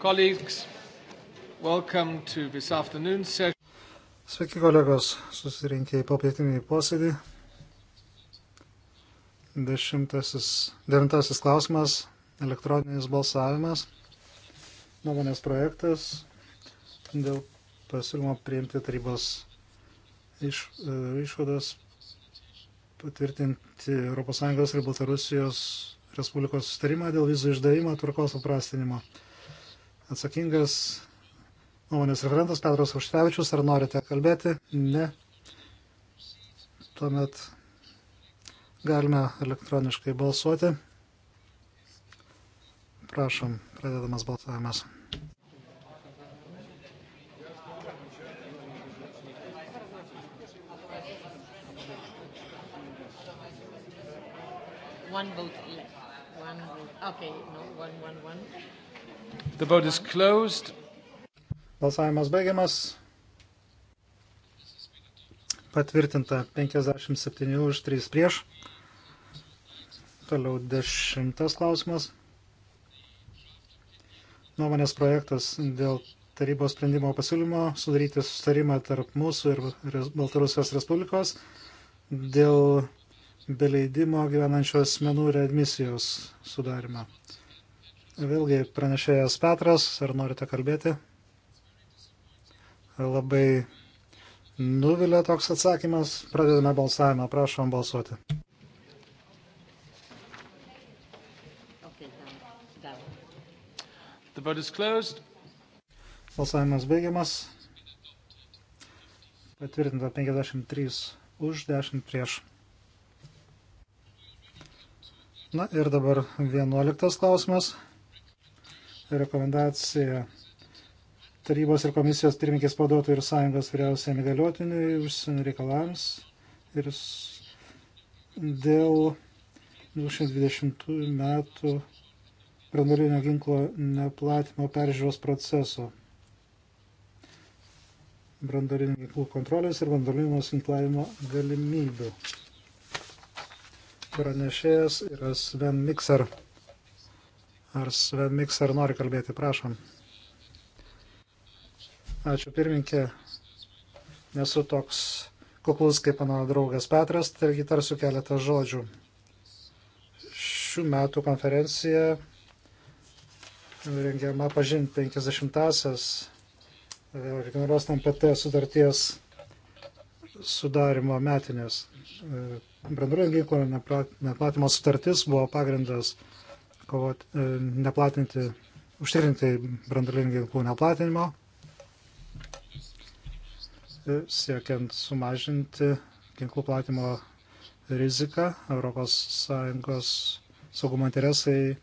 Colleagues, welcome to this afternoon session. Sveiki kolegos, susirinkę į popietinį posėdį. Dešimtasis, devintasis klausimas - elektroninis balsavimas. Nuomonės projektas dėl pasiūlymo priimti tarybos iš, e, išvadas patvirtinti ES ir Baltarusijos Respublikos sustarimą dėl vizų išdavimo tvarkos suprastinimo atsakingas nuomonės referentas Petras Užtevičius. Ar norite kalbėti? Ne. Tuomet galime elektroniškai balsuoti. Prašom, pradedamas balsavimas. One vote left. One vote. Okay, no, one, one, one. The vote is closed. Balsavimas baigiamas. Patvirtinta 57 už 3 prieš. Toliau dešimtas klausimas. Nuomonės projektas dėl tarybos sprendimo pasiūlymo sudaryti sustarimą tarp mūsų ir Baltarusijos Respublikos dėl be leidimo gyvenančių asmenų readmisijos sudarimą. Vėlgi pranešėjas Petras, ar norite kalbėti? Labai nuvilia toks atsakymas. Pradedame balsavimą, prašom balsuoti. Balsavimas baigiamas. Patvirtinta 53 už 10 prieš. Na ir dabar 11 klausimas rekomendacija tarybos ir komisijos pirmininkės pavaduotojų ir sąjungos vyriausiam įgaliotiniui užsienio reikalams ir dėl 2020 metų branduolinio ginklo neplatimo peržiūros proceso. Branduolinio ginklų kontrolės ir branduolinio ginklavimo galimybių. Pranešėjas yra Sven Mikser. Ar Sven Mikser nori kalbėti, prašom. Ačiū pirminkė. Nesu toks kuklus kaip mano draugas Petras, taigi tarsiu keletą žodžių. Šių metų konferencija rengiama pažinti 50-asias regionos NPT sudarties sudarimo metinės. Branduolinio ginklo neplatimo sutartis buvo pagrindas kovoti, e, neplatinti, užtikrinti brandalinių ginklų neplatinimo, e, siekiant sumažinti ginklų platimo riziką. ES saugumo interesai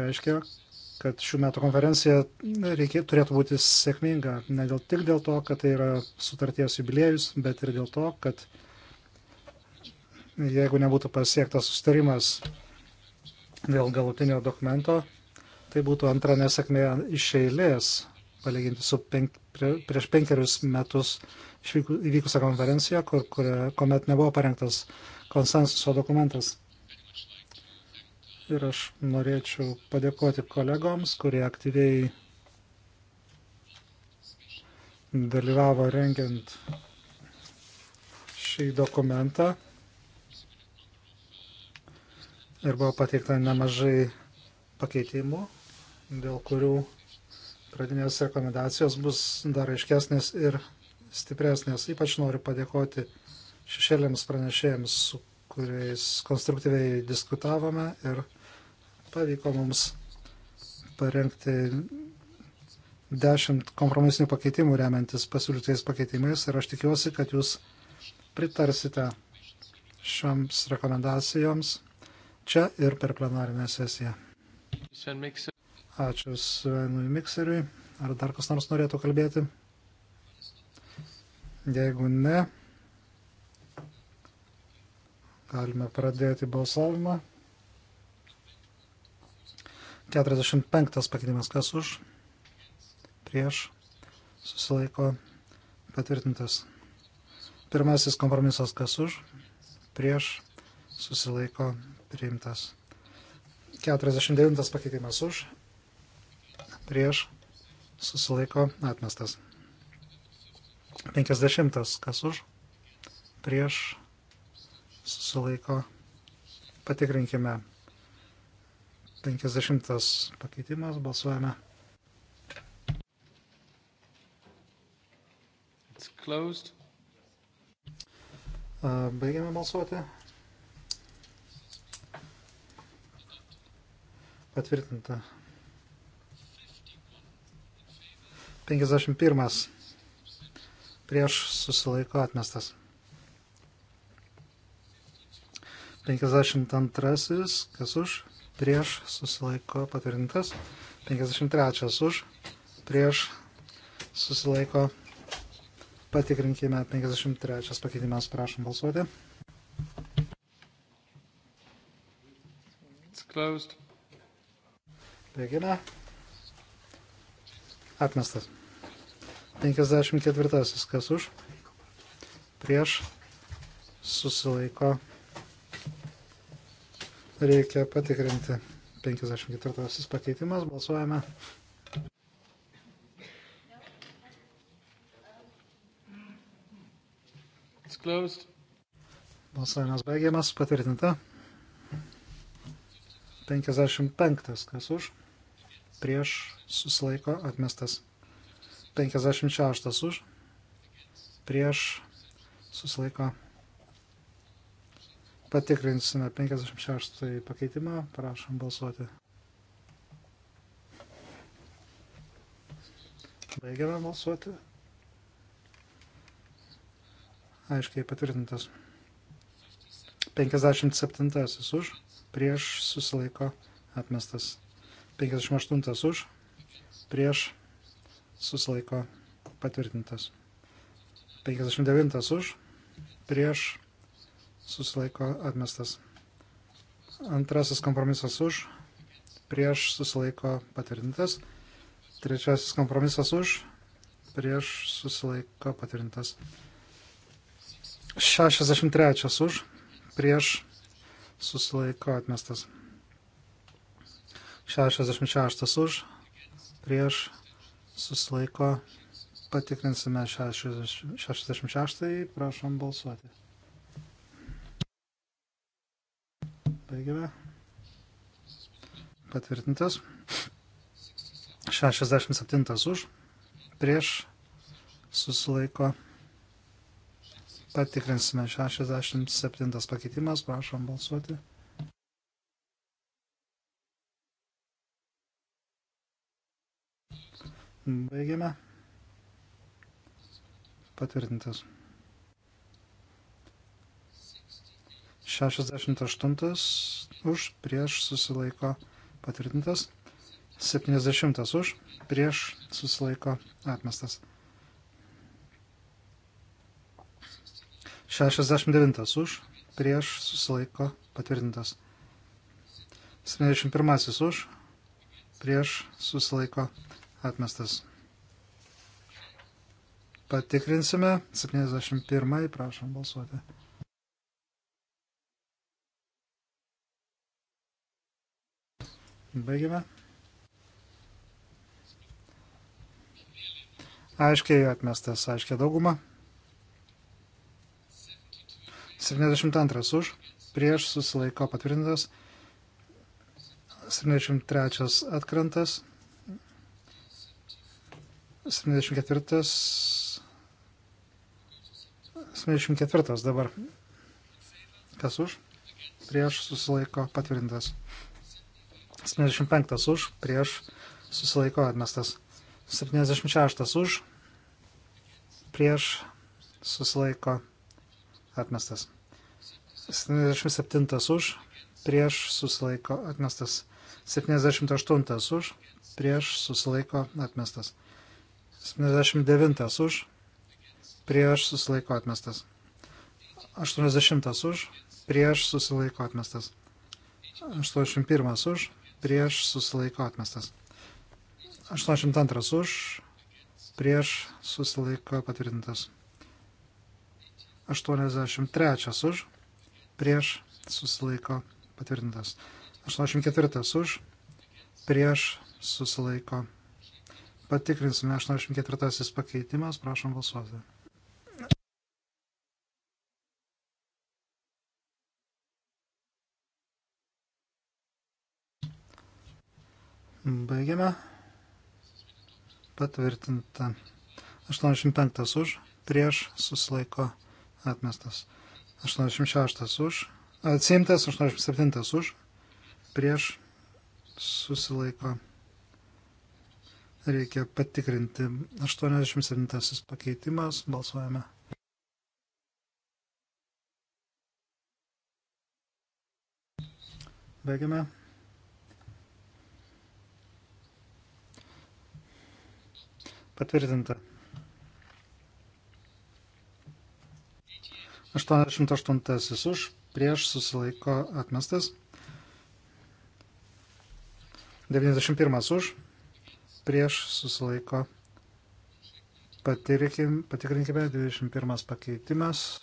reiškia, kad šių metų konferencija reikė, turėtų būti sėkminga. Ne dėl, tik dėl to, kad tai yra sutarties jubiliejus, bet ir dėl to, kad jeigu nebūtų pasiektas sustarimas dėl galutinio dokumento, tai būtų antra nesėkmė iš eilės, palyginti su penk, prie, prieš penkerius metus įvykusią konferenciją, kur, kur, kuomet nebuvo parengtas konsensuso dokumentas. Ir aš norėčiau padėkoti kolegoms, kurie aktyviai dalyvavo rengiant šį dokumentą ir buvo pateikta nemažai pakeitimų, dėl kurių pradinės rekomendacijos bus dar aiškesnės ir stipresnės. Ypač noriu padėkoti šešėliams pranešėjams, su kuriais konstruktyviai diskutavome ir pavyko mums parengti dešimt kompromisinių pakeitimų remiantis pasiūlytais pakeitimais ir aš tikiuosi, kad jūs pritarsite šioms rekomendacijoms čia ir per plenarinę sesiją. Ačiū Svenui Mikseriui. Ar dar kas nors norėtų kalbėti? Jeigu ne, galime pradėti balsavimą. 45 pakeitimas kas už, prieš, susilaiko, patvirtintas. Pirmasis kompromisas kas už, prieš, susilaiko, priimtas. 49 pakeitimas už, prieš, susilaiko, atmestas. 50 kas už, prieš, susilaiko, patikrinkime. 50 pakeitimas, balsuojame. Baigiame balsuoti. Patvirtinta. 51. Prieš susilaiko atmestas. 52. Kas už? Prieš susilaiko patvirtintas. 53. Už? Prieš susilaiko. Patikrinkime 53. pakeitimas. Prašom balsuoti. It's closed. Baigime. Atmestas. 54. Kas už? Prieš. Susilaiko. Reikia patikrinti. 54. pakeitimas. Balsuojame. Balsavimas baigiamas. Patvirtinta. 55. Kas už? prieš susilaiko atmestas. 56 už prieš susilaiko. Patikrinsime 56 pakeitimą, prašom balsuoti. Baigiame balsuoti. Aiškiai patvirtintas. 57 už prieš susilaiko atmestas. 58 už, prieš susilaiko patvirtintas. 59 už, prieš susilaiko atmestas. Antrasis kompromisas už, prieš susilaiko patvirtintas. Trečiasis kompromisas už, prieš susilaiko patvirtintas. 63 už, prieš susilaiko atmestas. 66 už, prieš susilaiko. Patikrinsime 66, prašom balsuoti. Baigime. Patvirtintas. 67 už, prieš susilaiko. Patikrinsime 67 pakeitimas, prašom balsuoti. Baigiame. Patvirtintas. 68 už, prieš susilaiko patvirtintas. 70 už, prieš susilaiko atmestas. 69 už, prieš susilaiko patvirtintas. 71 už, prieš susilaiko Atmestas. Patikrinsime. 71. Prašom balsuoti. Baigime. Aiškiai atmestas, aiškiai dauguma. 72 už, prieš susilaiko patvirtintas. 73 atkrantas. 74. 74 dabar. Kas už? Prieš susilaiko patvirtintas. 75 už, prieš susilaiko atmestas. 76 už, prieš susilaiko atmestas. 77 už, prieš susilaiko atmestas. 78 už, prieš susilaiko atmestas. 79 už, prieš susilaiko atmestas. 80 už, prieš susilaiko atmestas. 81 už, prieš susilaiko atmestas. 82 už, prieš susilaiko patvirtintas. 83 už, prieš susilaiko patvirtintas. 84 už, prieš susilaiko patvirtintas. Patikrinsime 84 pakeitimas, prašom balsuoti. Baigiame. Patvirtinta. 85 už, prieš susilaiko atmestas. 86 už, atsimtas, 87 už, prieš susilaiko atmestas reikia patikrinti. 87 pakeitimas, balsuojame. Baigiame. Patvirtinta. 88 už, prieš susilaiko atmestas. 91 už, prieš susilaiko. Patirikim, patikrinkime 21 pakeitimas.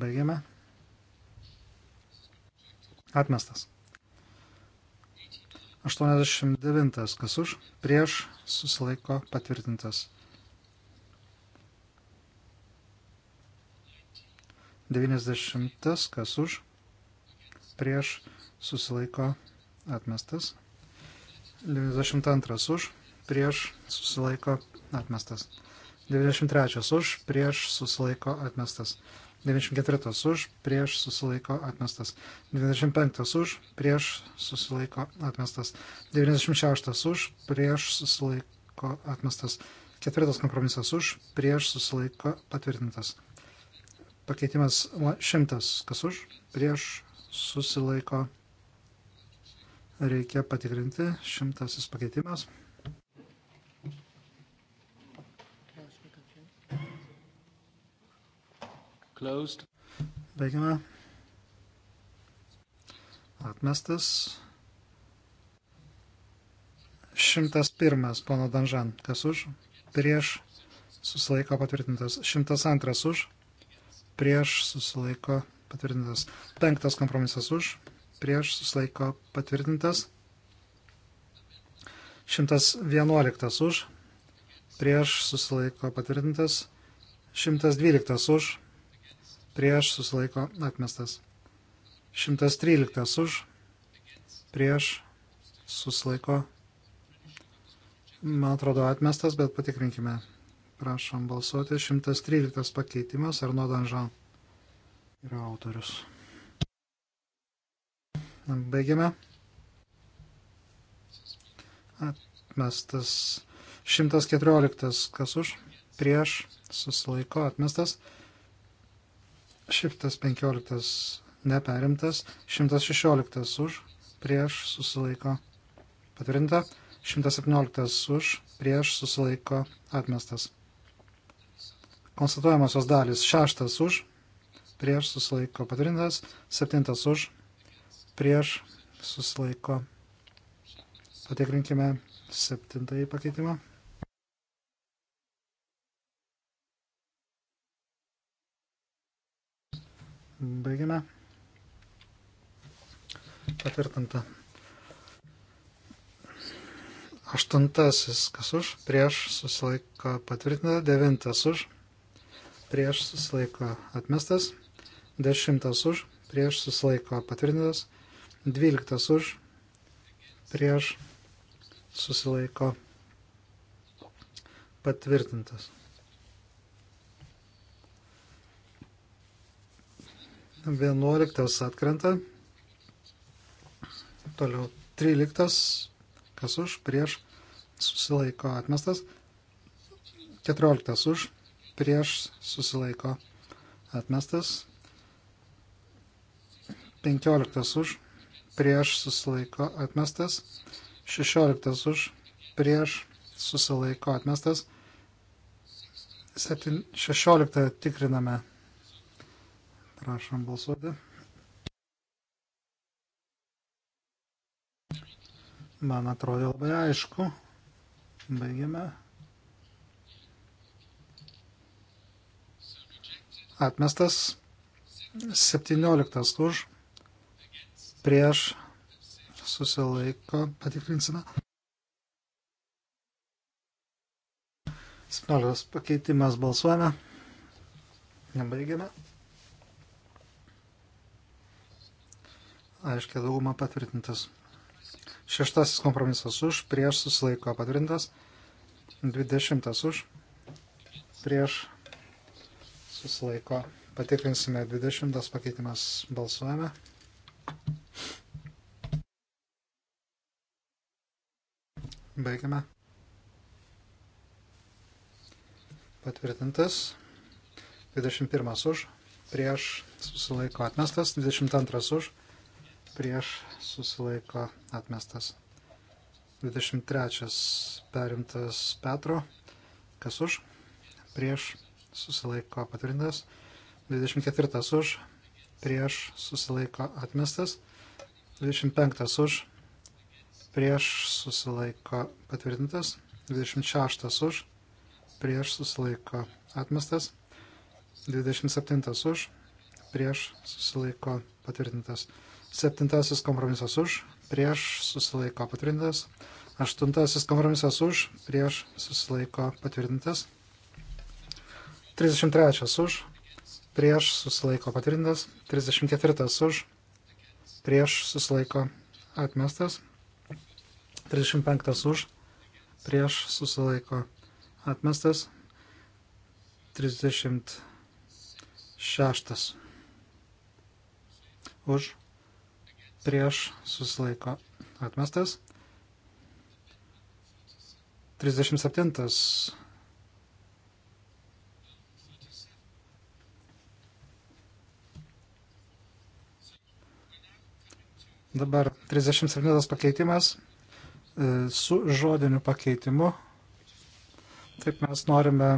Baigiame. Atmestas. 89. Kas už? Prieš susilaiko patvirtintas. 90, kas už, prieš, susilaiko, atmestas. 92 už, prieš, susilaiko, atmestas. 93 už, prieš, susilaiko, atmestas. 94 už, prieš, susilaiko, atmestas. 95 už, prieš, susilaiko, atmestas. 96 už, prieš, susilaiko, atmestas. Ketvirtas kompromisas už, prieš, susilaiko, patvirtintas. Pakeitimas 100. Kas už? Prieš susilaiko. Reikia patikrinti. Šimtasis pakeitimas. Closed. Baigiame. Atmestas. 101 pono Danžan. Kas už? Prieš. Susilaiko patvirtintas. 102 už prieš susilaiko patvirtintas. Penktas kompromisas už, prieš susilaiko patvirtintas. 111 už, prieš susilaiko patvirtintas. 112 už, prieš susilaiko atmestas. 113 už, prieš susilaiko, man atrodo, atmestas, bet patikrinkime. Prašom balsuoti. 113 pakeitimas Arno Danžan yra autorius. Baigiame. Atmestas 114 kas už, prieš, susilaiko atmestas. 115 neperimtas, 116 už, prieš, susilaiko patvirtinta, 117 už, prieš, susilaiko atmestas. Konstatuojamosios dalis. Šeštas už, prieš susilaiko patvirtintas. Septintas už, prieš susilaiko. Patikrinkime septintąjį pakeitimą. Baigime. Patvirtinta. Aštuntasis, kas už, prieš susilaiko patvirtinta, devintas už, prieš susilaiko atmestas, 10 už, prieš susilaiko patvirtintas, 12 už, prieš susilaiko patvirtintas. Vienuoliktas atkrenta. Toliau tryliktas, kas už, prieš, susilaiko atmestas. Keturioliktas už, prieš susilaiko atmestas, 15 už prieš susilaiko atmestas, 16 už prieš susilaiko atmestas, 16 tikriname. Prašom balsuoti. Man atrodo labai aišku. Baigiame. Atmestas. 17 už. Prieš. Susilaiko. Patikrinsime. 17 pakeitimas balsuojame. Nebaigiame. Aiškiai dauguma patvirtintas. Šeštasis kompromisas už, prieš susilaiko patvirtintas. Dvidešimtas už, prieš susilaiko. Patikrinsime 20 pakeitimas. Balsuojame. Baigiame. Patvirtintas. 21 už, prieš susilaiko atmestas, 22 už, prieš susilaiko atmestas. 23 perimtas Petro, kas už, prieš susilaiko patvirtintas, 24 už, prieš susilaiko atmestas, 25 už, prieš susilaiko patvirtintas, 26 už, prieš susilaiko atmestas, 27 už, prieš susilaiko patvirtintas, 7 kompromisas už, prieš susilaiko patvirtintas, 8 kompromisas už, prieš susilaiko patvirtintas. 33 už, prieš susilaiko patvirtintas, 34 už, prieš susilaiko atmestas, 35 už, prieš susilaiko atmestas, 36 už, prieš susilaiko atmestas, 37 Dabar 37 pakeitimas e, su žodiniu pakeitimu. Taip mes norime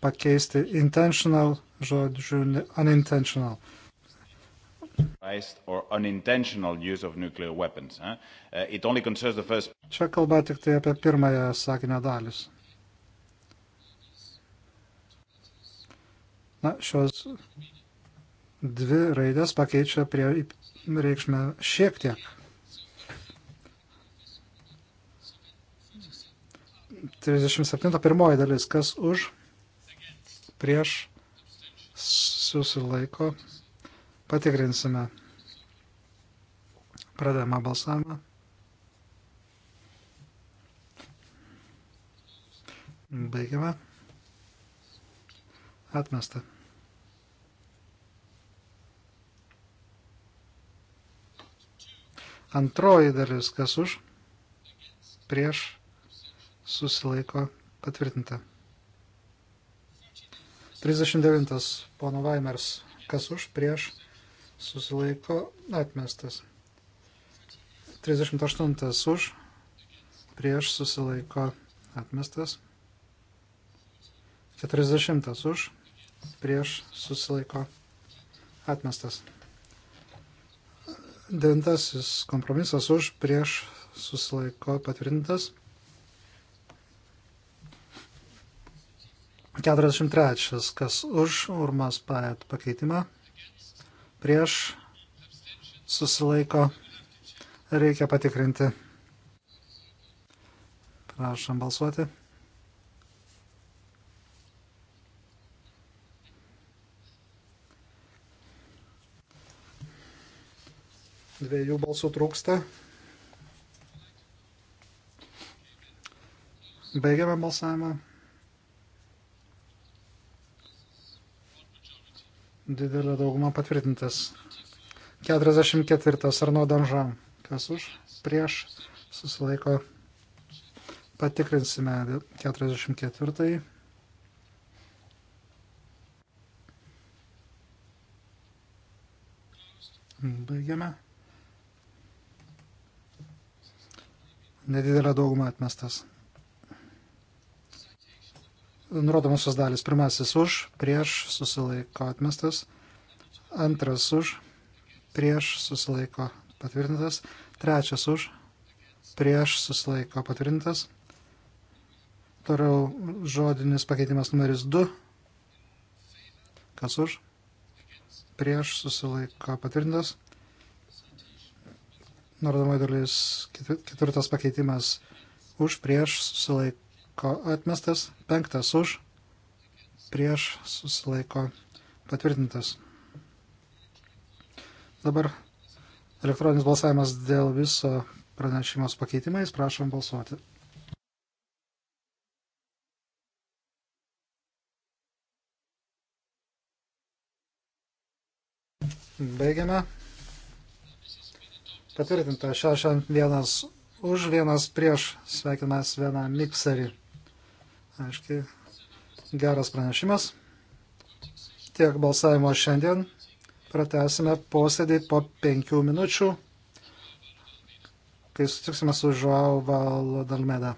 pakeisti intentional žodžiu unintentional. unintentional weapons, eh? first... Čia kalba tik tai apie pirmąją sakinę dalis. Na, šios dvi raidės pakeičia prie reikšmę šiek tiek. Trisdešimt septinta pirmoji dalis, kas už, prieš, susilaiko, patikrinsime. Pradėjome balsavimą. Baigiame. Atmesta. Antroji dalis, kas už, prieš, susilaiko, patvirtinta. 39. Pono Vaimers, kas už, prieš, susilaiko, atmestas. 38. Už, prieš, susilaiko, atmestas. 40. Už, prieš, susilaiko, atmestas. Devintasis kompromisas už prieš susilaiko patvirtintas. 43. Kas už Urmas Paet pakeitimą prieš susilaiko reikia patikrinti. Prašom balsuoti. dviejų balsų trūksta. Baigiame balsavimą. Didelė dauguma patvirtintas. 44. Arno Danžan. Kas už? Prieš. Susilaiko. Patikrinsime 44. Baigiame. nedidelę daugumą atmestas. Nurodomosios dalis. Pirmasis už, prieš susilaiko atmestas. Antras už, prieš susilaiko patvirtintas. Trečias už, prieš susilaiko patvirtintas. Toliau žodinis pakeitimas numeris 2. Kas už? Prieš susilaiko patvirtintas. Nurodomai dalis ketvirtas pakeitimas už prieš susilaiko atmestas, penktas už prieš susilaiko patvirtintas. Dabar elektroninis balsavimas dėl viso pranešimo su pakeitimais. Prašom balsuoti. Baigiame. Patvirtinta 61 už, vienas prieš. Sveikiname Sveną Mikserį. Aiškiai, geras pranešimas. Tiek balsavimo šiandien. Pratesime posėdį po penkių minučių, kai sutiksime su Žuau Valdalmeda.